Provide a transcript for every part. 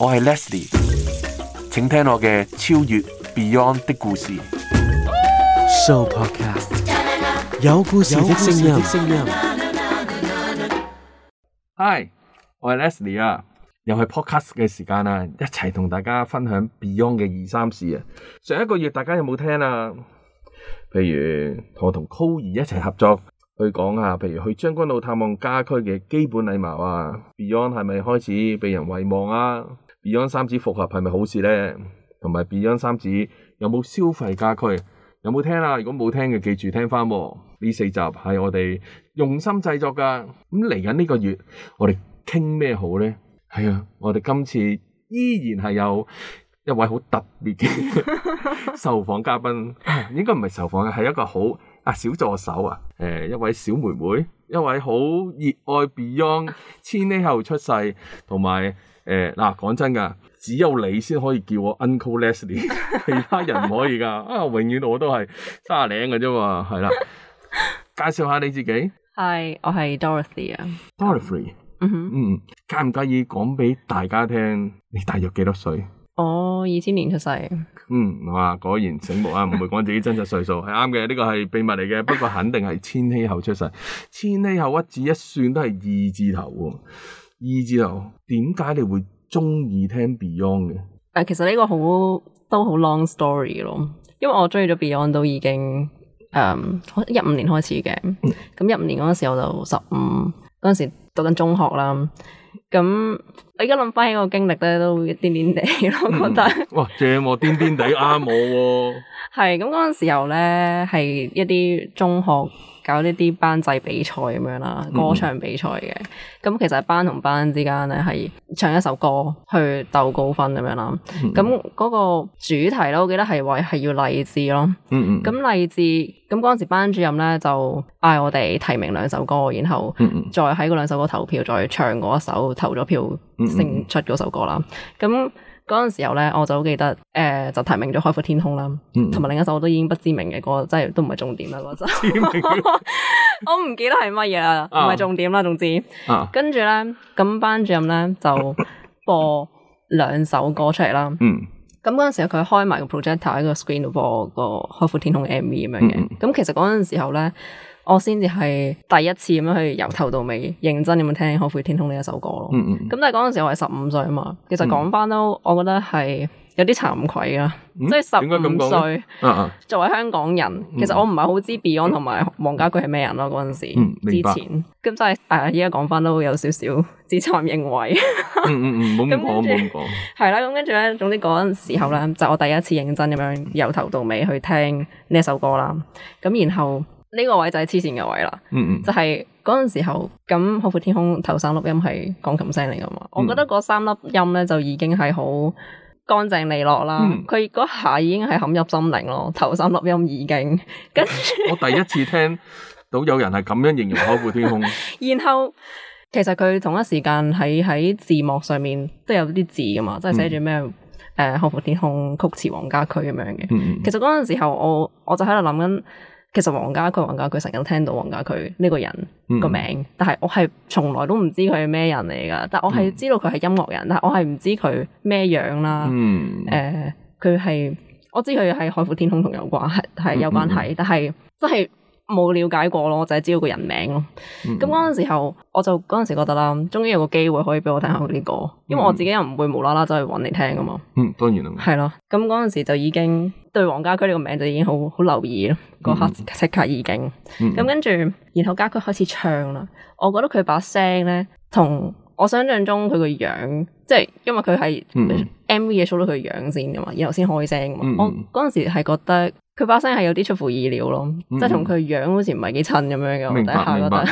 我係 Leslie，請聽我嘅超越 Beyond 的故事 Show Podcast 有故事的聲音。Hi，我係 Leslie 啊，又係 Podcast 嘅時間啊，一齊同大家分享 Beyond 嘅二三事啊！上一個月大家有冇聽啊？譬如和我同 Coyle 一齊合作去講下，譬如去將軍澳探望家駒嘅基本禮貌啊。Beyond 係咪開始被人遺忘啊？Beyond 三子復合係咪好事咧？同埋 Beyond 三子有冇消費家居？有冇聽啊？如果冇聽嘅，記住聽翻喎、哦。呢四集係我哋用心製作㗎。咁嚟緊呢個月，我哋傾咩好咧？係、哎、啊，我哋今次依然係有一位好特別嘅 受訪嘉賓，應該唔係受訪嘅，係一個好。啊小助手啊，誒、呃、一位小妹妹，一位好熱愛 Beyond， 千禧後出世，同埋誒嗱講真㗎，只有你先可以叫我 Uncle Leslie， 其他人唔可以㗎， 啊永遠我都係卅零㗎啫嘛，係啦，介紹下你自己，係我係 Dorothy 啊，Dorothy，嗯，介唔介意講畀大家聽，你大約幾多歲？我二千年出世，嗯，哇，果然醒目啊！唔 會講自己真實歲數，係啱嘅，呢個係秘密嚟嘅。不過肯定係千禧後出世，千禧後屈指一算都係二字頭喎。二字頭，點解你會中意聽 Beyond 嘅？誒，其實呢個好都好 long story 咯，因為我中意咗 Beyond 都已經誒一五年開始嘅，咁一五年嗰陣時候我就十五，嗰陣時讀緊中學啦。咁我而家諗翻起個經歷咧，都會癲癲地咯，我覺得、嗯、哇正喎、啊，癲癲地啱 我喎、啊。係咁嗰陣時候咧，係一啲中學。搞呢啲班制比賽咁樣啦，歌唱比賽嘅，咁、嗯嗯、其實班同班之間咧係唱一首歌去鬥高分咁樣啦。咁嗰、嗯嗯、個主題咧，我記得係話係要勵志咯。嗯嗯。咁勵志，咁嗰陣時班主任咧就嗌我哋提名兩首歌，然後再喺嗰兩首歌投票，再唱嗰一首投咗票勝出嗰首歌啦。咁、嗯嗯。嗰陣時候咧，我就好記得，誒、呃、就提名咗《海闊天空》啦，同埋、嗯、另一首我都已經不知名嘅歌，即係都唔係重點啦嗰首。我唔記得係乜嘢啦，唔係重點啦，總之。跟住咧，咁班主任咧就播兩首歌出嚟啦。嗯。咁嗰陣時候佢開埋個 projector 喺個 screen 度播、個《海闊天空》MV 咁樣嘅，咁、嗯、其實嗰陣時候咧。我先至係第一次咁樣去由頭到尾認真咁樣聽《海闊天空》呢一首歌咯、嗯。嗯嗯。咁但係嗰陣時我係十五歲啊嘛，其實講翻都，我覺得係有啲慚愧啊。即係十五歲，歲作為香港人，嗯嗯、其實我唔係好知 Beyond 同埋黃家駒係咩人咯、啊。嗰陣時，嗯、之前，咁即係誒，依家講翻都有少少自慚認為。嗯 嗯嗯，唔好唔好唔好。係啦，咁跟住咧，總之嗰陣時候咧，就是、我第一次認真咁樣由頭到尾去聽呢一首歌啦。咁然後。呢個位就係黐綫嘅位啦，嗯、就係嗰陣時候咁《海闊天空》頭三粒音係鋼琴聲嚟噶嘛？嗯、我覺得嗰三粒音咧就已經係好乾淨利落啦，佢嗰、嗯、下已經係撼入心靈咯。頭三粒音已經跟住我第一次聽到有人係咁樣形容《海闊天空》， 然後其實佢同一時間喺喺字幕上面都有啲字噶嘛，即係寫住咩誒《海闊、嗯、呃、天空曲池》曲詞黃家駒咁樣嘅。其實嗰陣時候我我就喺度諗緊。其實黃家駒，黃家駒成日都聽到黃家駒呢個人個名，嗯、但係我係從來都唔知佢係咩人嚟噶，但係我係知道佢係音樂人，但係我係唔知佢咩樣啦。誒、嗯，佢係、呃、我知佢係海闊天空同有，有關係，有關係，嗯嗯、但係即係。真冇了解過咯，我就係知道個人名咯。咁嗰陣時候，我就嗰陣時覺得啦，終於有個機會可以俾我聽下佢啲歌，因為我自己又唔會無啦啦走去揾你聽噶嘛。嗯，當然啦。係咯，咁嗰陣時就已經對黃家駒呢個名就已經好好留意咯。嗰刻即刻已經，咁跟住然後家駒開始唱啦。我覺得佢把聲咧，同我想象中佢個樣，即係因為佢係 M V 嘅 show 到佢樣先噶嘛，然後先開聲噶嘛。我嗰陣時係覺得。佢把聲係有啲出乎意料咯，即係同佢樣好似唔係幾襯咁樣嘅。明白明白，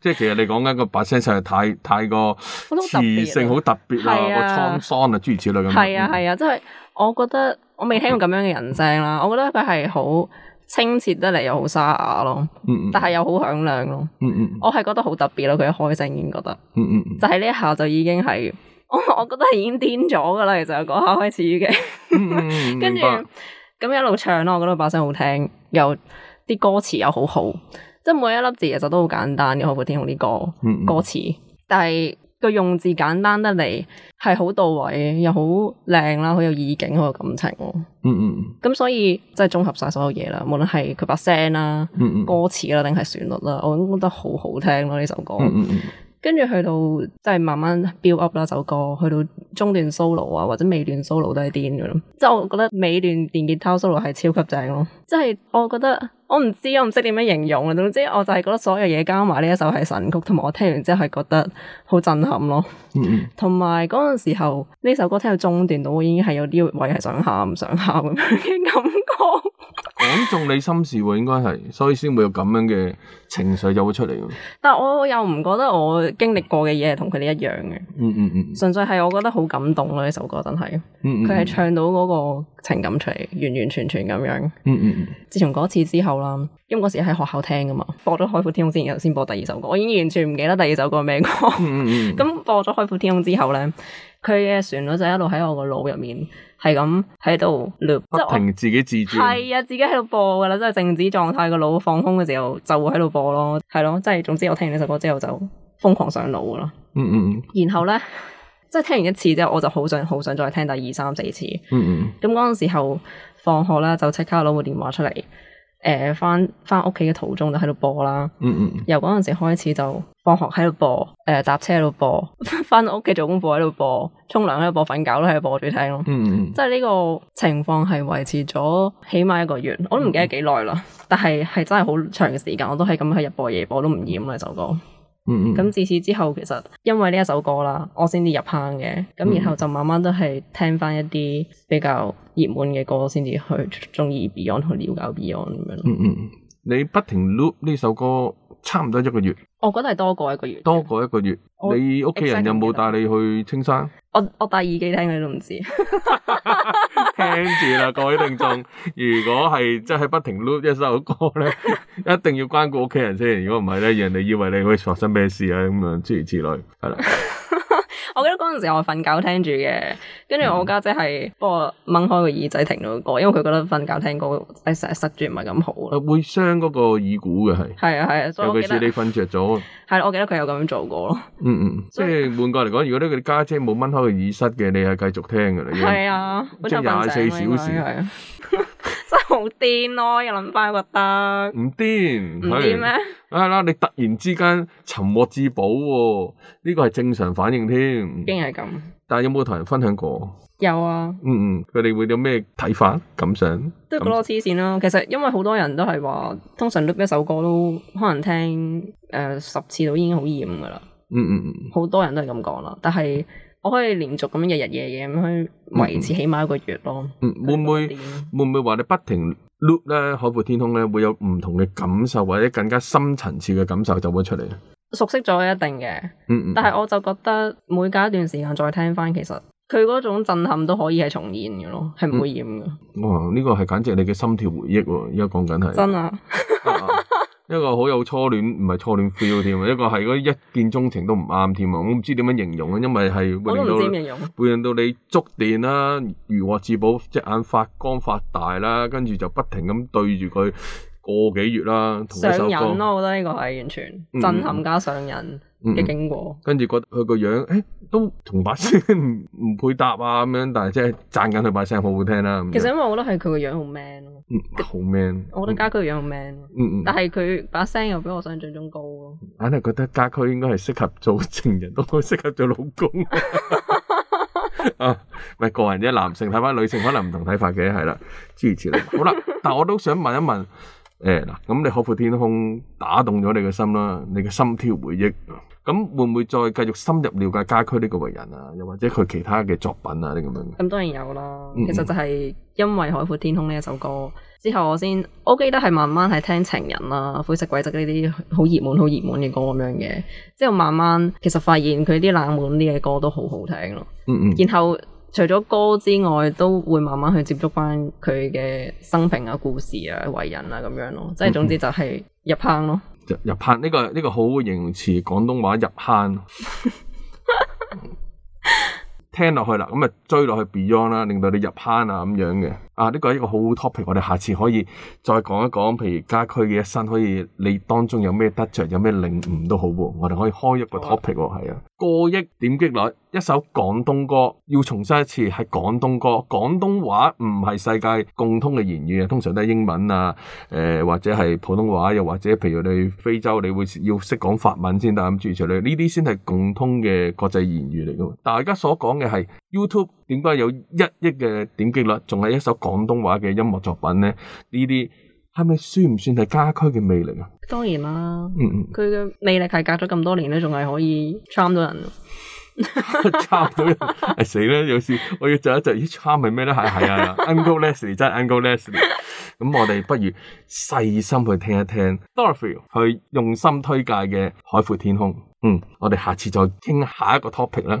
即係其實你講緊個把聲實在太太過磁性好特別啦，個滄桑啊諸如此類咁。係啊係啊，即係我覺得我未聽過咁樣嘅人聲啦。我覺得佢係好清澈得嚟，又好沙啞咯。嗯嗯，但係又好響亮咯。嗯嗯，我係覺得好特別咯。佢一開聲已經覺得，嗯嗯，就係呢一下就已經係我我覺得係已經癲咗噶啦。其實嗰下開始已經，跟住。咁一路唱咯，我覺得把聲好聽，又啲歌詞又好好，即係每一粒字其實都好簡單嘅。海闊天空啲歌，嗯嗯。歌詞，但係個用字簡單得嚟，係好到位，又好靚啦，好有意境，好有感情。嗯嗯。咁所以即係綜合晒所有嘢啦，無論係佢把聲啦，嗯嗯。歌詞啦，定係旋律啦，我都覺得好好聽咯，呢首歌。跟住去到即係慢慢 build up 啦，首歌去到中段 solo 啊，或者尾段 solo 都係癲噶咯。即係我覺得尾段電吉他 solo 係超級正咯。即係我覺得我唔知，我唔識點樣形容。總之我就係覺得所有嘢加埋呢一首係神曲，同埋我聽完之後係覺得好震撼咯。嗯、mm，同埋嗰陣時候呢首歌聽到中段度，我已經係有啲位係想喊，想喊咁樣嘅感覺。 講中你心事喎，應該係，所以先會有咁樣嘅情緒就會出嚟。但係我又唔覺得我經歷過嘅嘢係同佢哋一樣嘅，嗯。嗯嗯嗯，純粹係我覺得好感動咯，呢首歌真係。佢係、嗯嗯、唱到嗰個情感出嚟，完完全全咁樣，嗯。嗯嗯自從嗰次之後啦，因為嗰時喺學校聽噶嘛，播咗《海闊天空》之後先播第二首歌，我已經完全唔記得第二首歌係咩歌。嗯咁、嗯、 播咗《海闊天空》之後呢。佢嘅旋律就一路喺我個腦入面，係咁喺度 l o 停，自己自轉。係啊，自己喺度播噶啦，即係靜止狀態個腦放空嘅時候，就會喺度播咯，係咯、啊，即係總之我聽完呢首歌之後就瘋狂上腦噶啦。嗯嗯嗯。然後咧，即係聽完一次之後，我就好想好想再聽第二三四次。嗯嗯。咁嗰陣時候放學啦，就即刻攞部電話出嚟。誒，翻翻屋企嘅途中，就喺度播啦，嗯嗯，由嗰陣時開始就放學喺度播，誒、呃、搭車喺度播，翻屋企做功課喺度播，沖涼喺度播，瞓覺都喺度播住聽咯，嗯嗯，即係呢個情況係維持咗起碼一個月，我都唔記得幾耐啦，嗯、但係係真係好長嘅時間，我都係咁喺日播夜播，都唔厭啦就講。咁、嗯嗯、自此之後，其實因為呢一首歌啦，我先至入坑嘅。咁然後就慢慢都係聽翻一啲比較熱門嘅歌，先至去中意 Beyond 去了解 Beyond 咁樣。嗯嗯嗯，你不停 loop 呢首歌，差唔多一個月。我覺得係多，多過一個月。多過一個月，你屋企人有冇帶你去青山？Exactly. 我我戴耳機聽，你都唔知。聽住啦，各位聽眾，如果係真係不停 loop 一首歌咧， 一定要關顧屋企人先。如果唔係咧，人哋以為你會發生咩事啊咁樣，諸如此類。係啦。我記得嗰陣時我瞓覺聽住嘅，跟住我家姐係幫我掹開個耳仔停咗個歌，因為佢覺得瞓覺聽歌成日塞住唔係咁好咯，會傷嗰個耳鼓嘅係。係啊係啊，尤其是你瞓着咗。係我記得佢有咁樣做過咯。嗯嗯，即係換過嚟講，如果咧佢家姐冇掹開個耳塞嘅，你係繼續聽噶啦。係啊，的即係廿四小時。 好癲咯！又諗翻覺得唔癲，唔癲咩？啊係啦，你突然之間尋獲至寶喎，呢、這個係正常反應添。竟然係咁，但係有冇同人分享過？有啊。嗯嗯，佢哋會有咩睇法、感想？都覺得我黐線啦。其實因為好多人都係話，通常錄一首歌都可能聽誒、呃、十次到已經好厭噶啦。嗯嗯嗯，好多人都係咁講啦。但係。我可以連續咁日日夜夜咁去維持，起碼一個月咯。嗯，嗯，會唔會樣會唔會話你不停 loop 咧海闊天空咧，會有唔同嘅感受或者更加深層次嘅感受就會出嚟？熟悉咗一定嘅，嗯嗯。但係我就覺得每隔一段時間再聽翻，其實佢嗰種震撼都可以係重現嘅咯，係唔會厭嘅、嗯。哇，呢個係簡直你嘅心跳回憶喎！而家講緊係真啊的。 一個好有初戀，唔係初戀 feel 添，一個係一見鍾情都唔啱添，我唔知點樣形容，因為係會令，令到你觸電啦，如獲至寶，隻眼發光發大啦，跟住就不停咁對住佢。個幾月啦、啊，同上癮咯、啊，我覺得呢個係完全震撼加上癮嘅經過。嗯嗯嗯，跟住覺得佢個樣，誒、欸，都同把聲唔配搭啊，咁樣，但係即係讚緊佢把聲好好聽啦、啊。其實因為我覺得係佢個樣好 man 咯、嗯，好 man。我覺得家駒個樣好 man，嗯，嗯嗯，但係佢把聲又比我想象中高咯、啊。硬係覺得家駒應該係適合做情人，都適合做老公。啊，唔係、 啊、個人啫，男性睇法，女性可能唔同睇法嘅，係、嗯、啦，諸如此類。好啦，但係我都想問一問。 誒，嗱、嗯，咁你《海闊天空》打動咗你嘅心啦，你嘅心跳回憶，咁會唔會再繼續深入了解家駒呢個為人啊？又或者佢其他嘅作品啊？啲咁樣？咁當然有啦，其實就係因為《海闊天空》呢一首歌之後，我先，我記得係慢慢係聽情人啦、灰色軌跡呢啲好熱門、好熱門嘅歌咁樣嘅，之後慢慢其實發現佢啲冷門啲嘅歌都好好聽咯。嗯嗯，然後。除咗歌之外，都會慢慢去接觸返佢嘅生平啊、故事啊、為人啊咁樣咯。即係總之就係入坑咯。入入坑呢個呢個好形容詞，廣東話入坑。聽落去啦，咁啊追落去 Beyond 啦，令到你入坑啊咁樣嘅。啊！呢個係一個好好 topic，我哋下次可以再講一講。譬如家駒嘅一生，可以你當中有咩得着，有咩領悟都好喎。我哋可以開一個 topic 喎。係啊的，過億點擊率，一首廣東歌。要重申一次，係廣東歌。廣東話唔係世界共通嘅言語啊，通常都係英文啊，誒、呃、或者係普通話，又或者譬如你非洲，你會要識講法文先得咁。諸如此類呢啲先係共通嘅國際言語嚟嘅。大家所講嘅係。YouTube 點解有一億嘅點擊率，仲係一首廣東話嘅音樂作品呢？呢啲係咪算唔算係家駒嘅魅力啊？當然啦，嗯，佢嘅魅力係隔咗咁多年咧，仲係可以 charm 到人 ，charm 到人係死啦！有時我要做一做，咦 charm 係咩咧？係，係啊 Uncle Leslie 真係 Uncle Leslie。咁、 嗯、我哋不如細心去聽一聽，Dorothy 去用心推介嘅《海闊天空》。嗯，我哋下次再傾下一個 topic 啦。